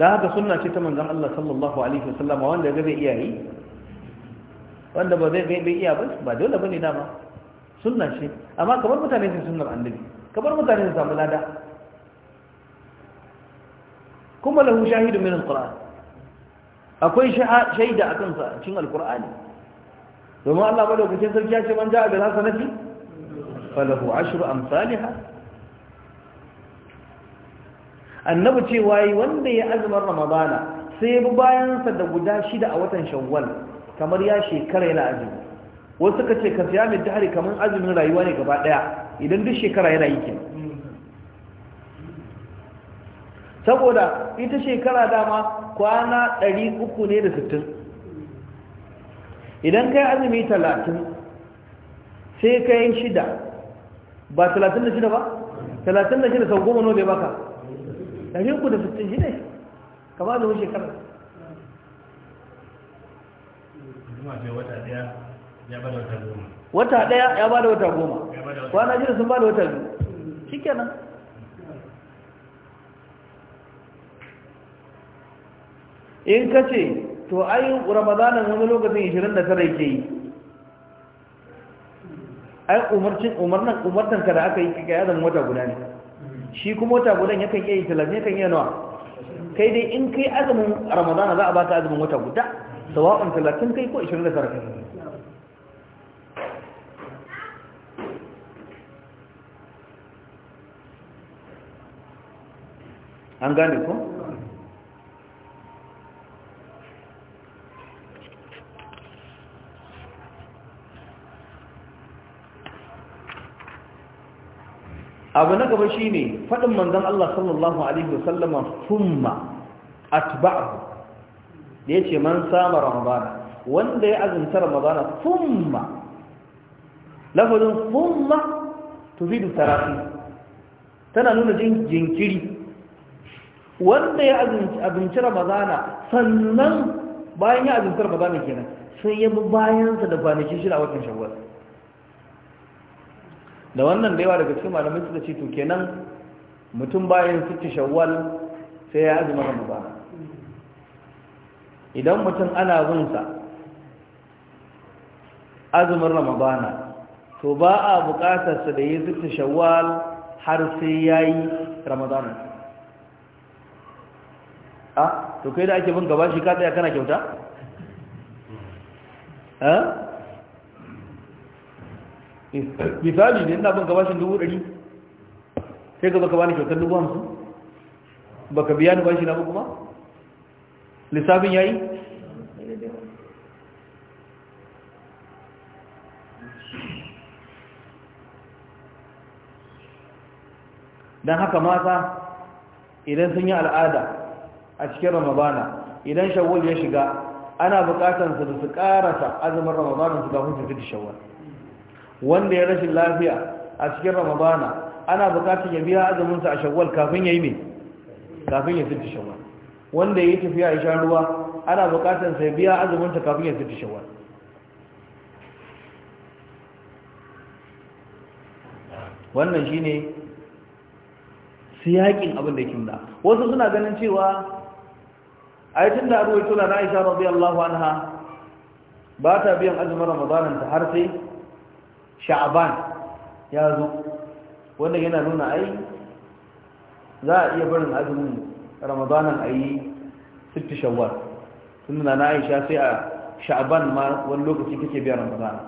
da haka suna ce ta manzan Allah sallallahu Alaihi wasallama wanda ya ga iyayi iya wanda ba zai iya ba ba dole ba ne dama sunna shi amma kamar mutane su sunan annabi kamar mutane su samu lada kuma lahu shahidu min alquran akwai shaida akan sa cikin alqurani domin Allah madaukakin sarki ya ce man ja'a bil hasanati falahu ashru amsalha annabi ce wayi wanda ya azumin ramadana sai bayan sa da guda shida a watan shawwal kamar ya shekara yana azumi wasu suka ce ka siya mai dahari kamar azumin rayuwa ne gaba daya idan duk shekara yana yi ke saboda ita shekara dama kwana 300 ne da 60 idan ka yi azumi 30 sai ka yi shida ba 36 ba 36 sau goma nobe baka 360 shi ne kama wani shekara wata daya ya bada wata goma kwana jiri sun bada wata biyu kenan in ka ce to ayi ramadanin wani lokacin 29 yake yi ai umarcin umarnan umartan ka da aka yi kika yadda wata guda ne shi kuma wata guda yakan iya yi talatin yakan iya nawa kai dai in kai azumin ramadana za a ta azumin wata guda sawa'un talatin kai ko 29 kai an gane ko abu na gaba shi ne faɗin manzan Allah sallallahu Alaihi wasallama summa atba'ahu da ya ce man sama ramadana wanda ya azinta ramadana summa lafazin summa tufidu tarafi tana nuna jinkiri wanda ya abinci ramadana sannan bayan ya abinci ramadana kenan sai ya bi bayansa da kwanaki shi a watan shawwal da wannan da yawa daga cikin malamai suka ce to kenan mutum bayan sitti shawar sai ya azumi ramadana idan mutum ana zunsa azumin ramadana to ba a bukatarsa da ya sitti shawar har sai ya yi ramadana a to kai da ake bin gaba shi ka tsaya kana kyauta misali ne ina bin shi dubu ɗari sai gaba ka bani kyautar dubu hamsin baka biya ni bashi na ba kuma lissafin ya yi don haka mata idan sun yi al'ada a cikin ramadana idan Shawul ya shiga ana bukatar su da su karasa azumin ramadana su kafin su fita shawul wanda ya rashin lafiya a cikin ramadana ana bukatar ya biya azumin sa a shawul kafin ya yi me kafin ya fita shawul wanda ya yi tafiya ya sha ruwa ana bukatar sa ya biya azumin sa kafin ya fita shawul wannan shine siyakin abin da yake nuna wasu suna ganin cewa ai tun da abu na aisha radiyallahu anha ba ta biyan azumin Ramadan ta har sai sha'aban ya zo wanda yana nuna ai za a iya barin azumin Ramadan a yi sittu shawwal tunda na aisha sai a sha'aban ma wani lokaci kake biyan Ramadan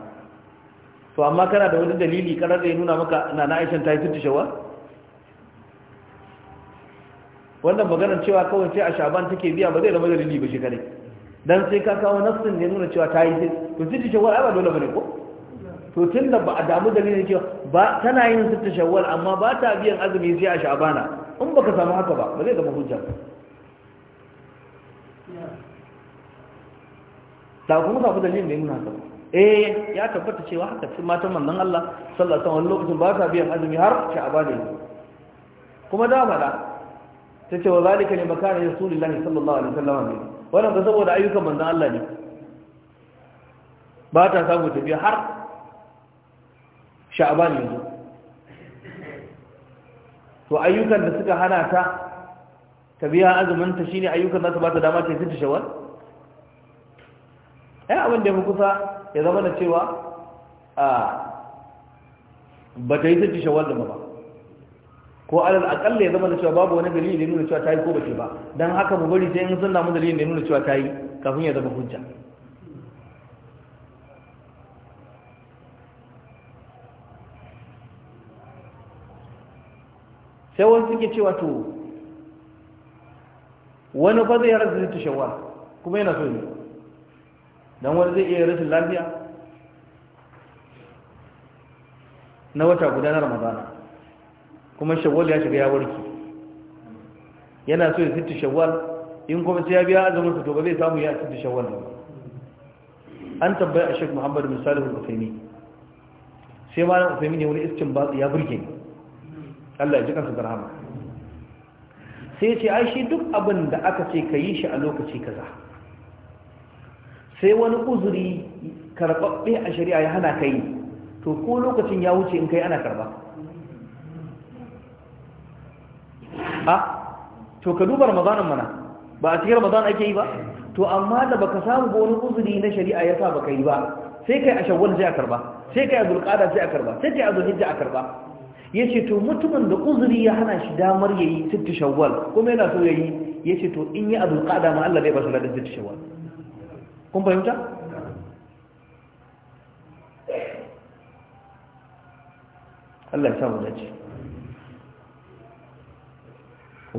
to amma kana da wani dalili karar da ya nuna maka na na ta yi sittu shawwal wannan maganar cewa kawai sai a shaban take biya ba zai zama dalili ba shi dan sai ka kawo nafsin ne nuna cewa ta yi sai to sai shawwal ai ba dole bane ko to tunda ba a damu dalilin cewa ba tana yin sitta shawwal amma ba ta biyan azumi sai a shabana in baka samu haka ba ba zai zama hujja ta kuma samu dalilin ne nuna haka eh ya tabbata cewa haka cikin matan manzon Allah sallallahu alaihi wasallam lokacin ba ta biyan azumi har sha'aba kuma da mala ta ce wa zalika ne makana lani sallallahu alaihi wasallam ne wannan ba saboda ayyukan manzan Allah ne ba ta samu tafiya har sha'aban yanzu to ayyukan da suka hana ta tafiya azumin ta shine ayyukan nasu ba ta dama ta fita shawar ai abin da ya kusa ya zama da cewa a ba ta yi fita shawar da ba ko alal akalla ya zama da cewa babu wani dalili da nuna cewa ta yi ko bace ba don haka mu bari sai in sun namu dalilin da nuna cewa ta yi kafin ya zama hujja sai wasu suke cewa to wani ba zai rasu zai kuma yana so ne don wani zai iya rashin lafiya na wata guda na ramadana kuma shawwal ya shiga ya warke yana so ya sitta shawwal in kuma sai ya biya azumin sa to ba zai samu ya sitta shawwal ba an tabbai a Sheikh Muhammad bin Salih al-Uthaymeen sai malam Uthaymeen ne wani ba ya burge ni Allah ya ji kansa da rahama sai ce ai shi duk abin da aka ce ka yi shi a lokaci kaza sai wani uzuri karɓaɓɓe a shari'a ya hana ka yi to ko lokacin ya wuce in kai ana karɓa a to ka duba ramadanin mana ba a cikin ramadan ake yi ba to amma da baka samu ga wani uzuri na shari'a ya sa baka yi ba sai kai a shawwal sai a karba sai kai a zulqada sai a karba sai kai a zulhijja a karba yace to mutumin da uzuri ya hana shi damar yayi sittu shawwal kuma yana so yayi yace to in yi a zulqada ma Allah bai ba shi ladan sittu shawwal kun fahimta Allah ya sa mu dace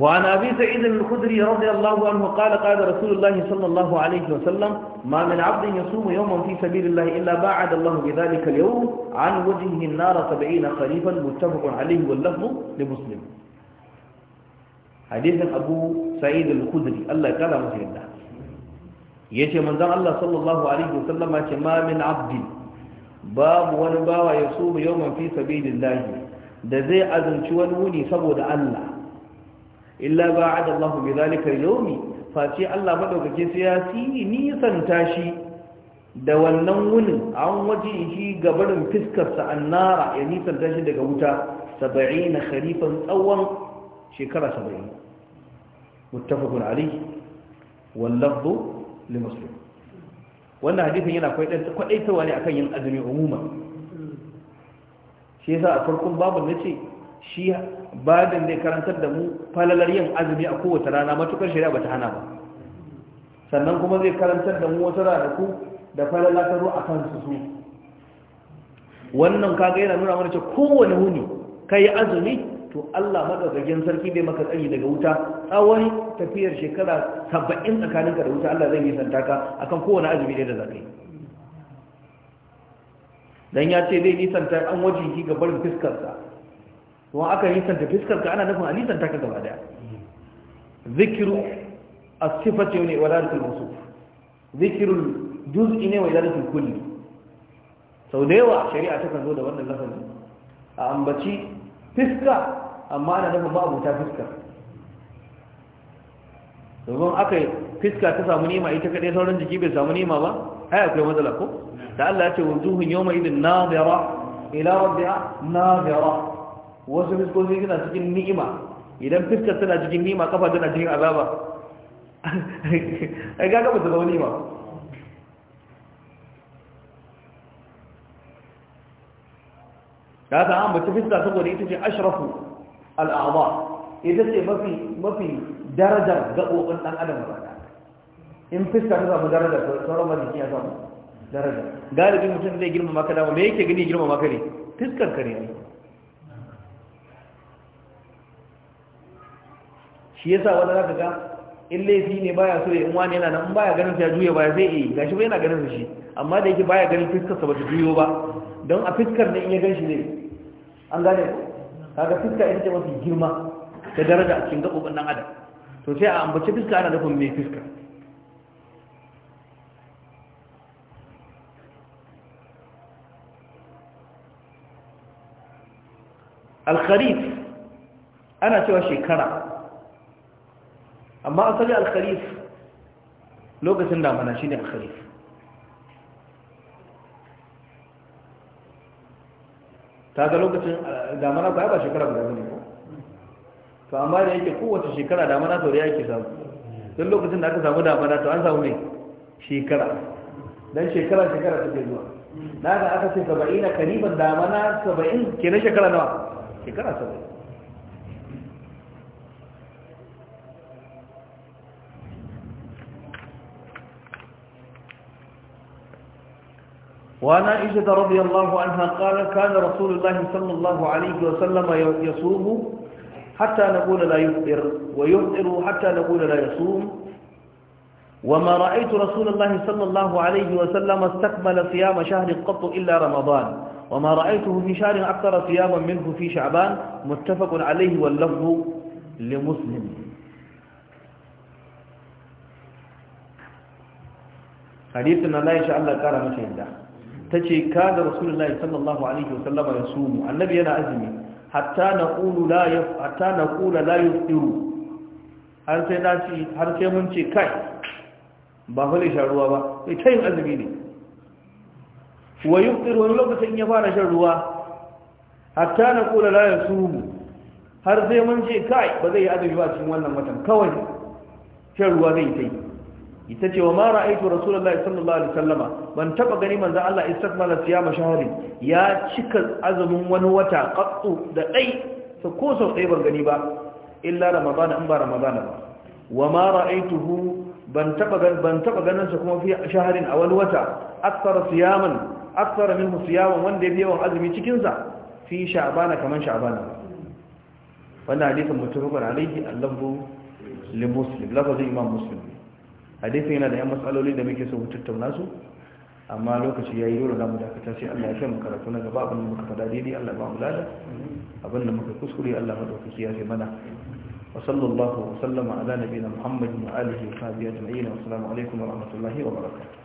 وعن أبي سعيد الخدري رضي الله عنه قال قال رسول الله صلى الله عليه وسلم ما من عبد يصوم يوما في سبيل الله إلا باعد الله بذلك اليوم عن وجهه النار سبعين خريفا متفق عليه واللفظ لمسلم حديث أبو سعيد الخدري الله قال مسلم يتي من ذا الله صلى الله عليه وسلم ما من عبد باب ونباوى يصوم يوما في سبيل الله ده زي أذن شوان وني سبود الله illa ba'ada Allahu bi zalika al-yawmi face Allah madaukake sai ya si nisan tashi da wannan wunin an waje shi gabarin fiskarsa annara ya nisan tashi daga wuta 70 kharifan tsawon shekara 70 muttafaqun alayhi wallafzu li muslim wannan hadisin yana kwaitarwa ne akan yin azumi umuman shi yasa a farkon babu nace shi da zai karantar da mu falalar yin azumi a kowace rana matukar shari'a ta hana ba sannan kuma zai karantar da mu wasu ranaku da falalar ta a kan su su wannan kaga yana nuna mana cewa kowane huni yi azumi to Allah madaukakin sarki bai maka tsari daga wuta tsawon tafiyar shekara saba'in tsakaninka da wuta Allah zai yi santaka akan kowane azumi da zaɓe. dan ya ce zai nisanta an waje ki ga barin fiskarsa kuma aka yi santa fiskar ka ana nufin alisan ta ka gaba daya zikiru as-sifati ne wa ladatul mawsuf zikirul juz'i ne wa ladatul kulli sau da yawa shari'a ta kan zo da wannan lafazi a ambaci fiska amma ana nufin ba abuta fiska domin aka yi fiska ta samu nema ita kadai sauran jiki bai samu nema ba ai akwai matsala ko da Allah ya ce wujuhun yawma idin nadira ila na nadira wasu fiskoki suna cikin ni'ima idan fiskar tana cikin ni'ima kafa tana cikin azaba ai ga gaba ta zama ni'ima ta ta ambaci fiska saboda ita ce ashrafu al'adha ita ce mafi mafi darajar gaɓoɓin ɗan adam ba in fiska ta samu darajar sauran majiki ya samu darajar galibin mutum zai girma maka dama me yake gani girma maka ne fiskar ka ne shi yasa wani zaka ga in laifi ne baya so yi wani yana nan baya ganin ya juya baya zai yi gashi ba yana ganin shi amma da yake baya ganin fiskar sa bata juyo ba don a fiskar ne in ya ganshi ne an gane ko kaga fiska ita ce mafi girma da daraja a cikin gabobin nan adam to sai a ambaci fiska ana nufin mai fiska alkharif ana cewa shekara amma asali alkhalif lokacin damana shine alkhalif ta ga lokacin eh, damana ba ba shekara guda ne ko to amma da yake kowace shekara damana sau da yake samu don lokacin da aka samu damana to an samu ne shekara don shekara shekara take zuwa da aka ce saba'ina kariban damana saba'in ke na shekara nawa shekara saba'in وعن عائشة رضي الله عنها قال كان رسول الله صلى الله عليه وسلم يصوم حتى نقول لا يفطر ويفطر حتى نقول لا يصوم وما رأيت رسول الله صلى الله عليه وسلم استكمل صيام شهر قط إلا رمضان وما رأيته في شهر أكثر صياما منه في شعبان متفق عليه واللفظ لمسلم حديثنا لا إن شاء الله كان مشهدا Ta ce ka da rasulullah sallallahu alaihi wasallama yasumu annabi yana azumi hatta qulu la yaf na qulu la yusiru har sai da shi har sai mun ce kai ba fa shan ruwa ba sai tayin azumi ne wa yusiru wani lokacin ya fara shan ruwa hatta qulu la yusumu har sai mun ce kai ba zai yi azumi ba cikin wannan watan kawai shan ruwa zai yi. ita ce wa ma ra'aytu rasulullahi sallallahu alaihi sallama ban taba gani manzo Allah istakmala siyama shahri ya cika azumin wani wata qattu da dai so ko sau dai ban gani ba illa ramadan in ba Ramadana ba wa ma ra'aytuhu hu ban taba ganin sa kuma fi shaharin a wani wata akthara siyaman akthara minhu siyaman wanda yafi yawan azumi cikin sa fi sha'bana kaman sha'bana wannan hadisin mutafakar alaihi allahu limuslim lafazin imam muslim hadisin yana da yan matsaloli da muke so mu tattauna su amma lokaci yayi dole za mu dakata sai Allah ya kai mu karatu na gaba abin da muka fada daidai Allah ba mu lada abin da muka kuskure Allah madaukaki ya sai mana wa sallallahu wa sallama ala nabiyina Muhammadin wa alihi wa sahbihi ajma'in wa assalamu alaikum wa rahmatullahi wa barakatuh